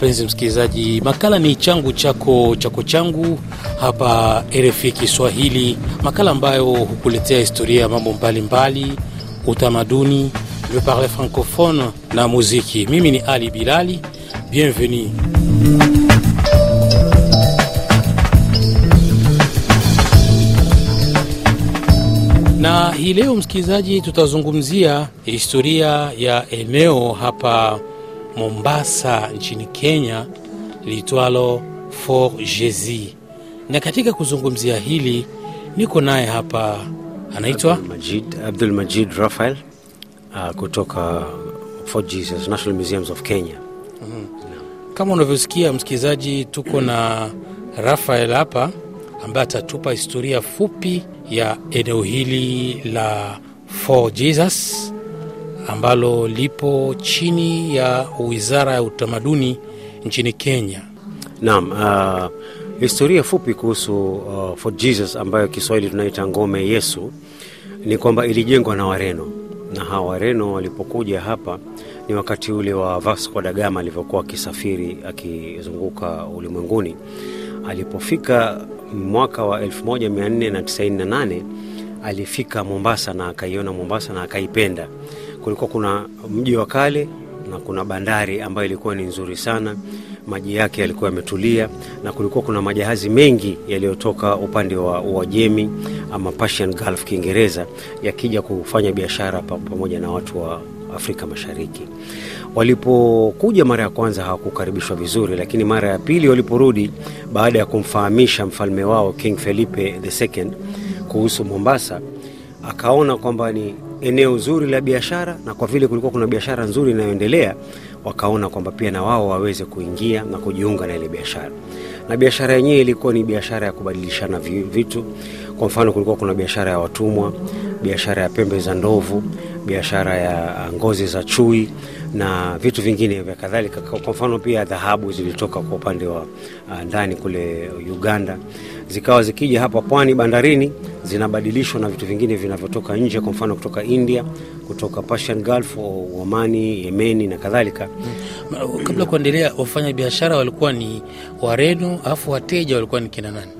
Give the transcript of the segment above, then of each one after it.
mpenzi msikilizaji, makala ni changu chako chako changu hapa RFI Kiswahili, makala ambayo hukuletea historia ya mambo mbalimbali, utamaduni, le parle francophone na muziki. Mimi ni Ali Bilali, bienvenue. Na hii leo msikilizaji, tutazungumzia historia ya eneo hapa Mombasa nchini Kenya liitwalo for Jesus. Na katika kuzungumzia hili niko naye hapa, anaitwa Majid, Abdul Majid Rafael uh, kutoka For Jesus National Museums of Kenya. Mm. Kama unavyosikia msikilizaji, tuko na Rafael hapa ambaye atatupa historia fupi ya eneo hili la For Jesus ambalo lipo chini ya Wizara ya Utamaduni nchini Kenya. Naam, uh, historia fupi kuhusu uh, Fort Jesus ambayo Kiswahili tunaita ngome Yesu ni kwamba ilijengwa na Wareno na hawa Wareno walipokuja hapa ni wakati ule wa Vasco da Gama alivyokuwa akisafiri akizunguka ulimwenguni. Alipofika mwaka wa 1498 alifika Mombasa na akaiona Mombasa na akaipenda kulikuwa kuna mji wa kale na kuna bandari ambayo ilikuwa ni nzuri sana, maji yake yalikuwa yametulia, na kulikuwa kuna majahazi mengi yaliyotoka upande wa Uajemi ama Persian Gulf Kiingereza, yakija kufanya biashara pamoja na watu wa Afrika Mashariki. Walipokuja mara ya kwanza hawakukaribishwa vizuri, lakini mara ya pili waliporudi, baada ya kumfahamisha mfalme wao King Felipe the second kuhusu Mombasa akaona kwamba ni eneo zuri la biashara, na kwa vile kulikuwa kuna biashara nzuri inayoendelea, wakaona kwamba pia na wao waweze kuingia na kujiunga na ile biashara. Na biashara yenyewe ilikuwa ni biashara ya kubadilishana vitu. Kwa mfano, kulikuwa kuna biashara ya watumwa, biashara ya pembe za ndovu, biashara ya ah, ngozi za chui na vitu vingine vya kadhalika. Kwa mfano, pia dhahabu zilitoka kwa upande wa ah, ndani kule Uganda zikawa zikija hapa pwani bandarini zinabadilishwa na vitu vingine vinavyotoka nje, kwa mfano kutoka India, kutoka Persian Gulf, Omani, Yemeni na kadhalika. Kabla kuendelea, wafanya biashara walikuwa ni Wareno, alafu wateja walikuwa ni kina nani?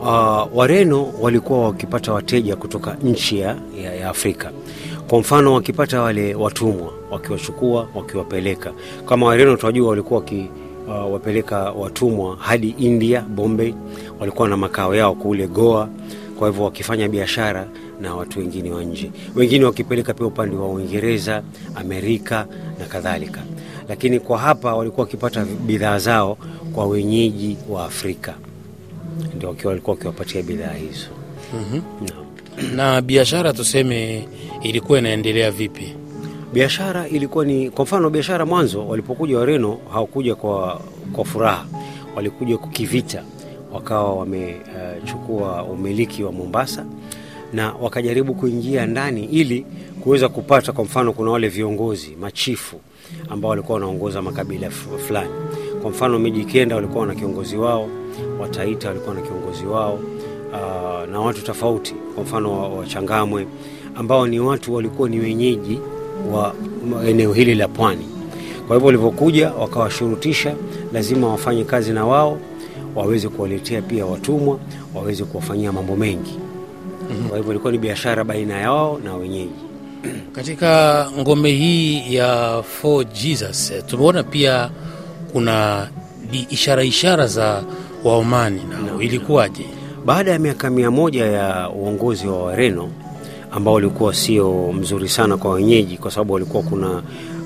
Uh, Wareno walikuwa wakipata wateja kutoka nchi ya, ya Afrika. Kwa mfano wakipata wale watumwa, wakiwachukua wakiwapeleka, kama Wareno tunajua walikuwa waki, uh, wapeleka watumwa hadi India, Bombay walikuwa na makao yao kule Goa, kwa hivyo wakifanya biashara na watu wengine wa nje, wengine wakipeleka pia upande wa Uingereza, Amerika na kadhalika. Lakini kwa hapa walikuwa wakipata bidhaa zao kwa wenyeji wa Afrika, ndio walikuwa wakiwapatia bidhaa hizo. mm -hmm. no. na biashara tuseme, ilikuwa inaendelea vipi? Biashara ilikuwa ni kwa mfano, biashara mwanzo walipokuja Wareno hawakuja kwa, kwa furaha, walikuja kukivita wakawa wamechukua uh, umiliki wa Mombasa na wakajaribu kuingia ndani ili kuweza kupata. Kwa mfano, kuna wale viongozi machifu ambao walikuwa wanaongoza makabila fulani. Kwa mfano, miji Kenda walikuwa na kiongozi wao, Wataita walikuwa na kiongozi wao uh, na watu tofauti, kwa mfano Wachangamwe ambao ni watu walikuwa ni wenyeji wa eneo hili la pwani. Kwa hivyo walivyokuja wakawashurutisha lazima wafanye kazi na wao waweze kuwaletea pia watumwa, waweze kuwafanyia mambo mengi. Mm-hmm. Kwa hivyo ilikuwa ni biashara baina yao na wenyeji. Katika ngome hii ya Four Jesus eh, tumeona pia kuna ishara ishara za Waomani na no, ilikuwaje? Baada ya miaka mia moja ya uongozi wa Wareno ambao ulikuwa sio mzuri sana kwa wenyeji, kwa sababu walikuwa kuna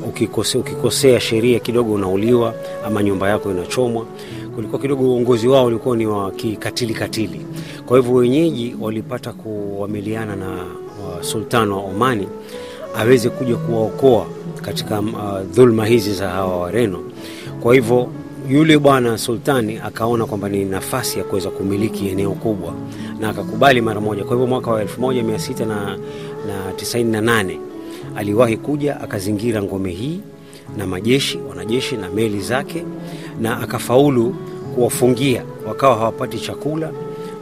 ukikose, ukikosea sheria kidogo unauliwa ama nyumba yako inachomwa kulikuwa kidogo uongozi wao ulikuwa ni wa kikatili katili. Kwa hivyo wenyeji walipata kuamiliana na sultan wa Omani aweze kuja kuwaokoa katika uh, dhulma hizi za hawa Wareno. Kwa hivyo yule bwana sultani akaona kwamba ni nafasi ya kuweza kumiliki eneo kubwa na akakubali mara moja. Kwa hivyo mwaka wa 1698 aliwahi kuja akazingira ngome hii na majeshi, wanajeshi na meli zake na akafaulu kuwafungia, wakawa hawapati chakula,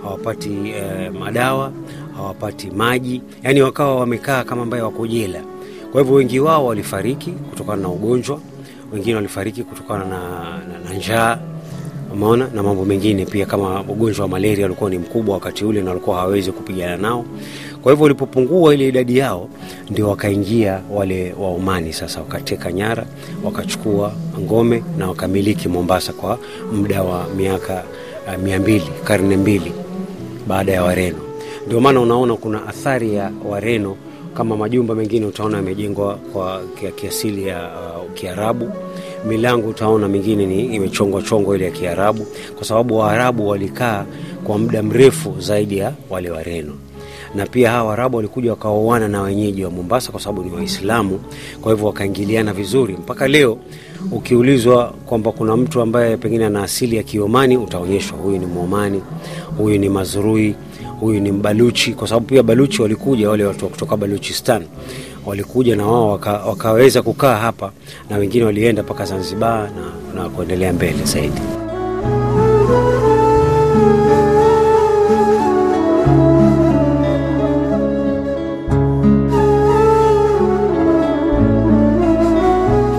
hawapati eh, madawa, hawapati maji, yani wakawa wamekaa kama ambaye wako jela. Kwa hivyo wengi wao walifariki kutokana na ugonjwa, wengine walifariki kutokana na, na, na njaa umeona, na mambo mengine pia kama ugonjwa wa malaria ulikuwa ni mkubwa wakati ule na walikuwa hawawezi kupigana nao. Kwa hivyo ulipopungua ile idadi yao, ndio wakaingia wale wa umani Sasa wakateka nyara, wakachukua ngome na wakamiliki Mombasa kwa muda wa miaka uh, mia mbili, karne mbili baada ya Wareno. Ndio maana unaona kuna athari ya Wareno kama majumba mengine utaona yamejengwa kwa kiasili ya uh, Kiarabu. Milango utaona mingine ni imechongwa chongwa ile ya Kiarabu, kwa sababu Waarabu walikaa kwa muda mrefu zaidi ya wale Wareno na pia hawa Waarabu walikuja wakaoana na wenyeji wa Mombasa kwa sababu ni Waislamu, kwa hivyo wakaingiliana vizuri. Mpaka leo ukiulizwa kwamba kuna mtu ambaye pengine ana asili ya Kiomani, utaonyeshwa huyu ni Mwomani, huyu ni mazurui huyu ni Mbaluchi, kwa sababu pia Baluchi walikuja wale watu kutoka Baluchistan walikuja na wao waka, wakaweza kukaa hapa na wengine walienda mpaka Zanzibar na, na kuendelea mbele zaidi.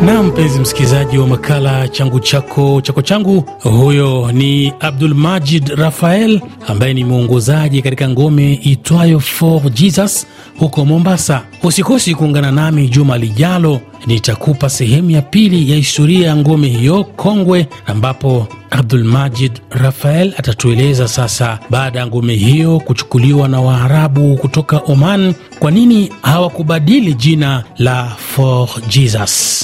na mpenzi msikilizaji wa makala changu chako chako changu, huyo ni Abdul Majid Rafael ambaye ni mwongozaji katika ngome itwayo For Jesus huko Mombasa. Usikosi kuungana nami juma lijalo, nitakupa sehemu ya pili ya historia ya ngome hiyo kongwe, ambapo Abdul Majid Rafael atatueleza sasa, baada ya ngome hiyo kuchukuliwa na Waarabu kutoka Oman, kwa nini hawakubadili jina la For Jesus.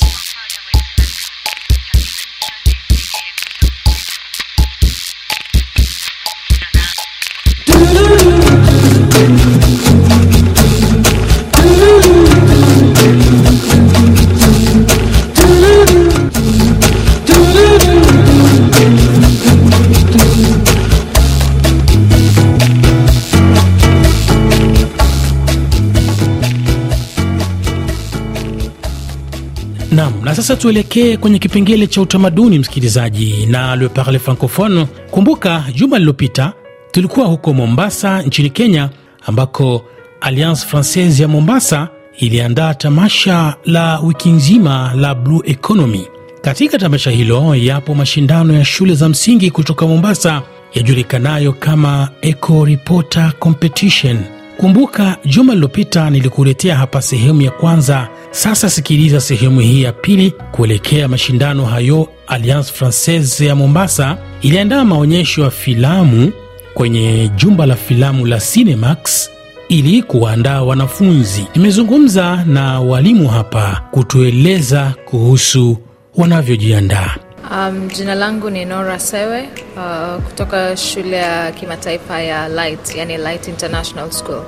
sasa tuelekee kwenye kipengele cha utamaduni, msikilizaji, na Le Parle Francophone. Kumbuka juma lililopita Tulikuwa huko Mombasa nchini Kenya, ambako Alliance Francaise ya Mombasa iliandaa tamasha la wiki nzima la Blue Economy. Katika tamasha hilo yapo mashindano ya shule za msingi kutoka Mombasa yajulikanayo kama Eco Reporter Competition. Kumbuka juma lililopita nilikuletea hapa sehemu ya kwanza. Sasa sikiliza sehemu hii ya pili kuelekea mashindano hayo. Alliance Francaise ya Mombasa iliandaa maonyesho ya filamu kwenye jumba la filamu la Cinemax ili kuwaandaa wanafunzi. Nimezungumza na walimu hapa kutueleza kuhusu wanavyojiandaa. Um, jina langu ni Nora Sewe uh, kutoka shule ya kimataifa ya Light, yani Light International School.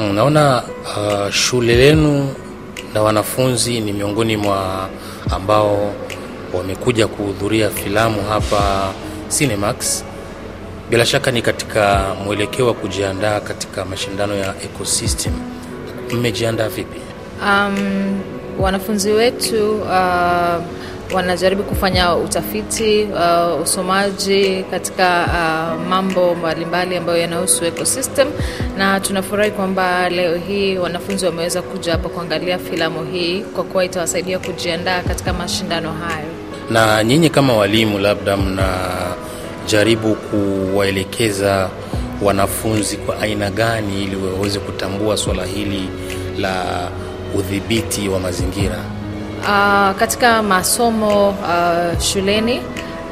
Mm, naona uh, shule lenu na wanafunzi ni miongoni mwa ambao wamekuja kuhudhuria filamu hapa Cinemax bila shaka ni katika mwelekeo wa kujiandaa katika mashindano ya ecosystem. Mmejiandaa vipi? Um, wanafunzi wetu uh, wanajaribu kufanya utafiti uh, usomaji katika uh, mambo mbalimbali ambayo yanahusu ecosystem, na tunafurahi kwamba leo hii wanafunzi wameweza kuja hapa kuangalia filamu hii kwa kuwa itawasaidia kujiandaa katika mashindano hayo. Na nyinyi kama walimu, labda mna jaribu kuwaelekeza wanafunzi kwa aina gani ili waweze kutambua swala hili la udhibiti wa mazingira. Uh, katika masomo uh, shuleni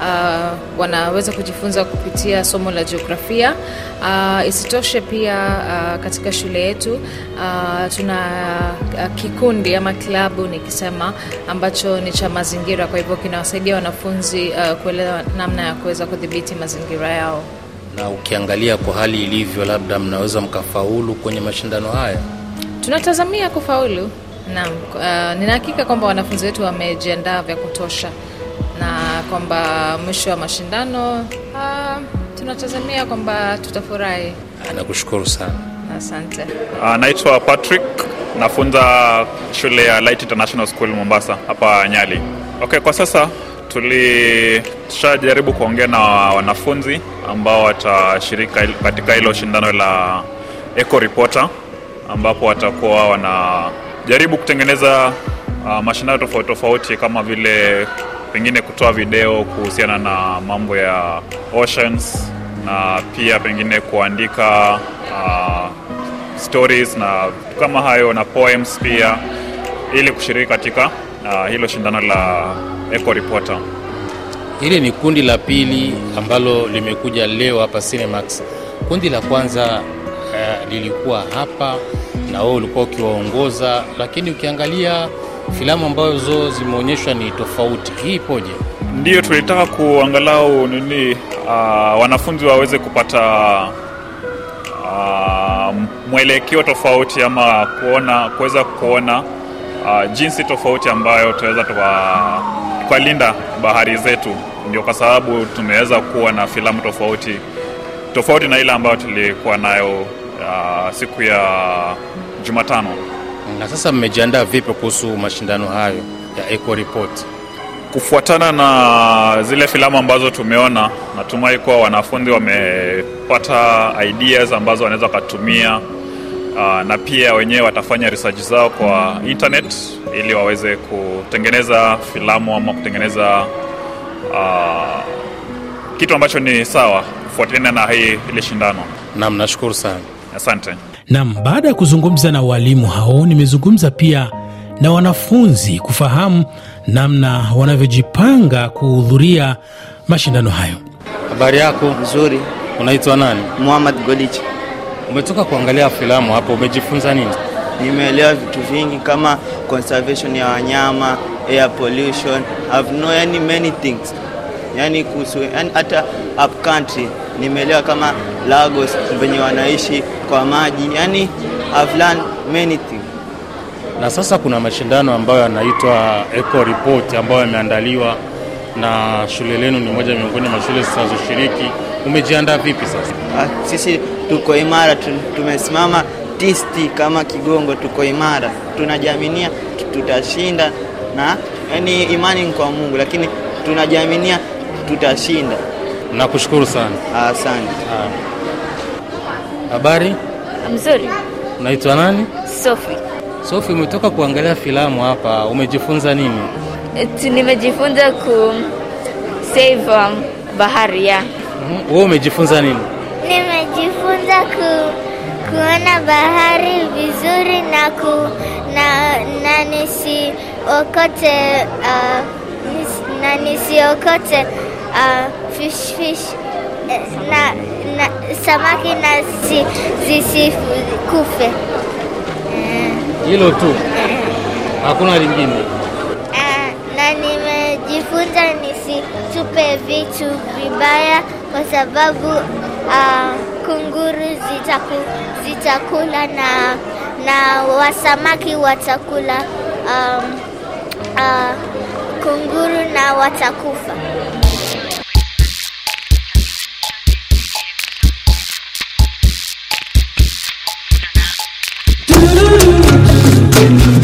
uh, wanaweza kujifunza kupitia somo la jiografia. Uh, isitoshe pia uh, katika shule yetu uh, tuna uh, kikundi ama klabu nikisema, ambacho ni cha mazingira, kwa hivyo kinawasaidia wanafunzi uh, kuelewa namna ya kuweza kudhibiti mazingira yao. Na ukiangalia kwa hali ilivyo, labda mnaweza mkafaulu kwenye mashindano haya? Tunatazamia kufaulu. Naam, uh, ninahakika kwamba wanafunzi wetu wamejiandaa vya kutosha na kwamba mwisho wa mashindano ah, tunatazamia kwamba tutafurahi. Nakushukuru sana, asante. Uh, naitwa Patrick, nafunza shule ya Light International School Mombasa hapa Nyali. Okay, kwa sasa tulishajaribu kuongea na wanafunzi ambao watashirika katika hilo shindano la Eco Reporter ambapo watakuwa wanajaribu kutengeneza uh, mashindano tofauti tofauti kama vile pengine kutoa video kuhusiana na mambo ya oceans na pia pengine kuandika uh, stories na kama hayo na poems pia, ili kushiriki katika uh, hilo shindano la Eco Reporter. Hili ni kundi la pili ambalo limekuja leo hapa Cinemax. Kundi la kwanza uh, lilikuwa hapa na wewe ulikuwa ukiwaongoza, lakini ukiangalia filamu ambazo zimeonyeshwa ni tofauti. Hii ipoje? ndio tulitaka kuangalau nini, uh, wanafunzi waweze kupata uh, mwelekeo tofauti ama kuona kuweza kuona uh, jinsi tofauti ambayo tunaweza tukalinda bahari zetu. Ndio kwa sababu tumeweza kuwa na filamu tofauti tofauti na ile ambayo tulikuwa nayo uh, siku ya Jumatano. Na sasa mmejiandaa vipi kuhusu mashindano hayo ya Eco Report? Kufuatana na zile filamu ambazo tumeona, natumai kuwa wanafunzi wamepata ideas ambazo wanaweza wakatumia, ah, na pia wenyewe watafanya research zao kwa internet ili waweze kutengeneza filamu ama kutengeneza uh, kitu ambacho ni sawa kufuatana na hii ile shindano. Naam, nashukuru sana, asante. Nam, baada ya kuzungumza na walimu hao, nimezungumza pia na wanafunzi kufahamu namna wanavyojipanga kuhudhuria mashindano hayo. Habari yako? Nzuri. Unaitwa nani? Muhammad Golichi. Umetoka kuangalia filamu hapo, umejifunza nini? Nimeelewa vitu vingi kama conservation ya wanyama, air pollution, I've known many things, yani kuhusu yani hata upcountry nimeelewa kama Lagos venye wanaishi kwa maji, yani I've learned many things. Na sasa kuna mashindano ambayo yanaitwa Eco Report ambayo yameandaliwa na shule lenu, ni moja miongoni mwa shule zinazoshiriki. Umejiandaa vipi sasa? Ah, sisi tuko imara, tumesimama tisti kama kigongo, tuko imara, tunajiaminia tutashinda, na yani imani kwa Mungu, lakini tunajiaminia tutashinda. Nakushukuru sana. Asante. Ah. Habari? Mzuri. Unaitwa nani? Sophie. Sophie, umetoka kuangalia filamu hapa, umejifunza nini? Nimejifunza ku save um, bahari ya. Mhm. Wewe umejifunza nini? Nimejifunza ku, kuona bahari vizuri na ku, na, na nisiokote uh, nis, na nisiokote uh, fish fish eh, na, na samaki na zisikufe. Eh. Hilo tu, hakuna lingine. Eh, na nimejifunza nisitupe vitu vibaya, kwa sababu uh, kunguru zitaku, zitakula na, na wasamaki watakula um, uh, kunguru na watakufa. Thank you.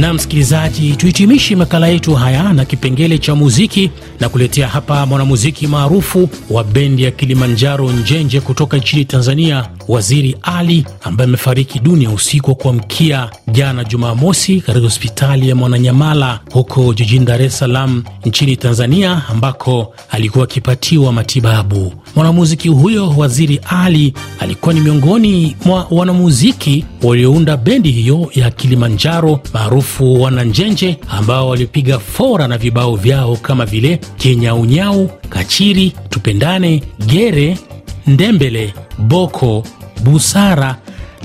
Na msikilizaji, tuhitimishe makala yetu haya na kipengele cha muziki na kuletea hapa mwanamuziki maarufu wa bendi ya Kilimanjaro Njenje kutoka nchini Tanzania, Waziri Ali ambaye amefariki dunia usiku wa kuamkia jana Jumamosi katika hospitali ya Mwananyamala huko jijini Dar es Salaam nchini Tanzania, ambako alikuwa akipatiwa matibabu. Mwanamuziki huyo Waziri Ali alikuwa ni miongoni mwa wanamuziki waliounda bendi hiyo ya Kilimanjaro maarufu maarufu Wananjenje ambao walipiga fora na vibao vyao kama vile kinyaunyau Kachiri, Tupendane, Gere, Ndembele, Boko, Busara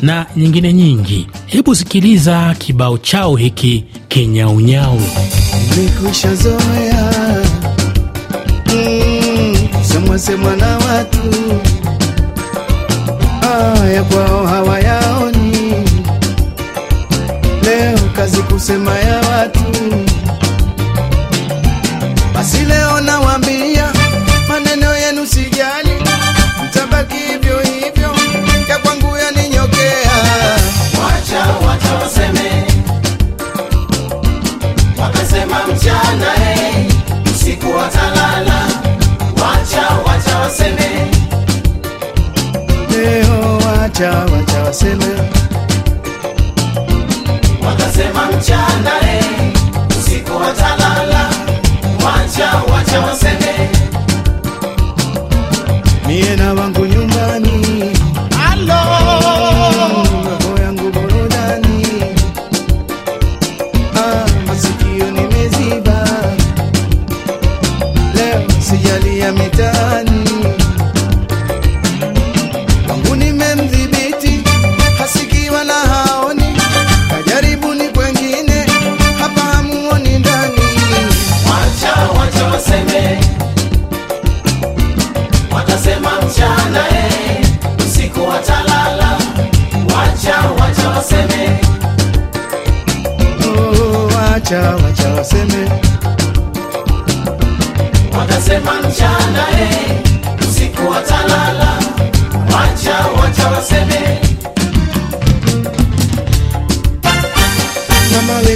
na nyingine nyingi. Hebu sikiliza kibao chao hiki kinyaunyau semwasemwa mm, na watu ah, ya kwao hawa kusema ya watu, basi leo na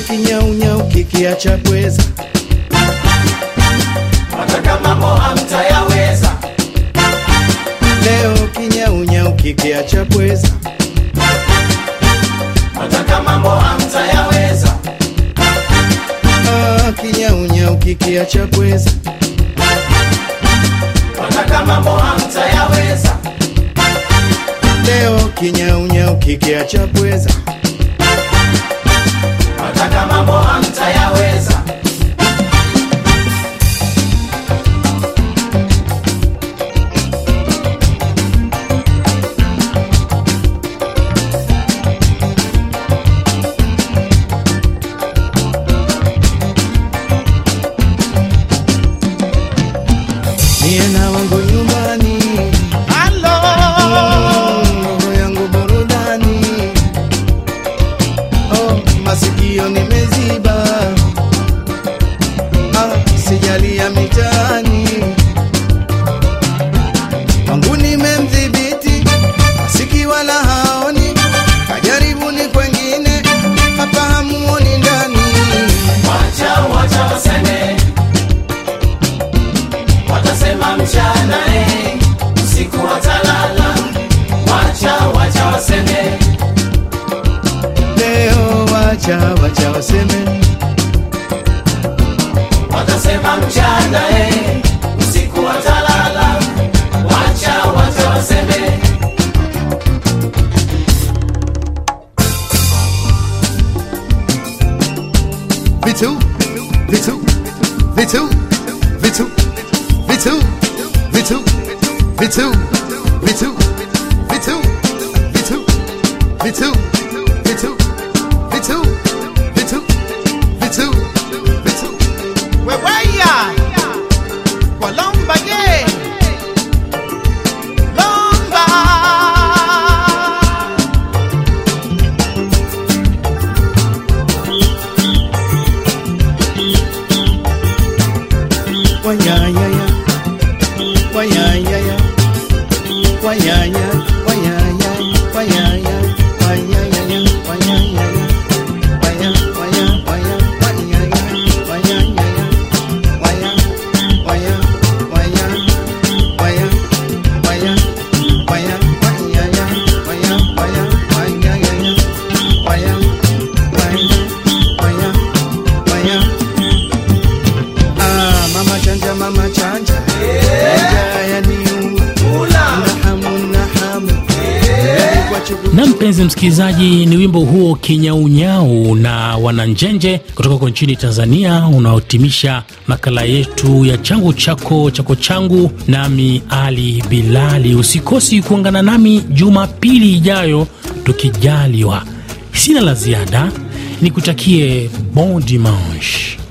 kinyaunyau kikiacha kweza, Leo kinyaunyau kikiacha kweza, ah, kinyaunyau kikiacha kweza, Leo kinyaunyau kikiacha V2, V2, V2, V2, V2, V2, V2, V2, V2, V2, V2, V2, V2. guanhanha msikilizaji, ni wimbo huo Kinyaunyau na Wananjenje kutoka huko nchini Tanzania unaotimisha makala yetu ya changu chako chako changu, nami Ali Bilali. Usikosi kuungana nami Jumapili ijayo tukijaliwa. Sina la ziada, nikutakie bon dimanche.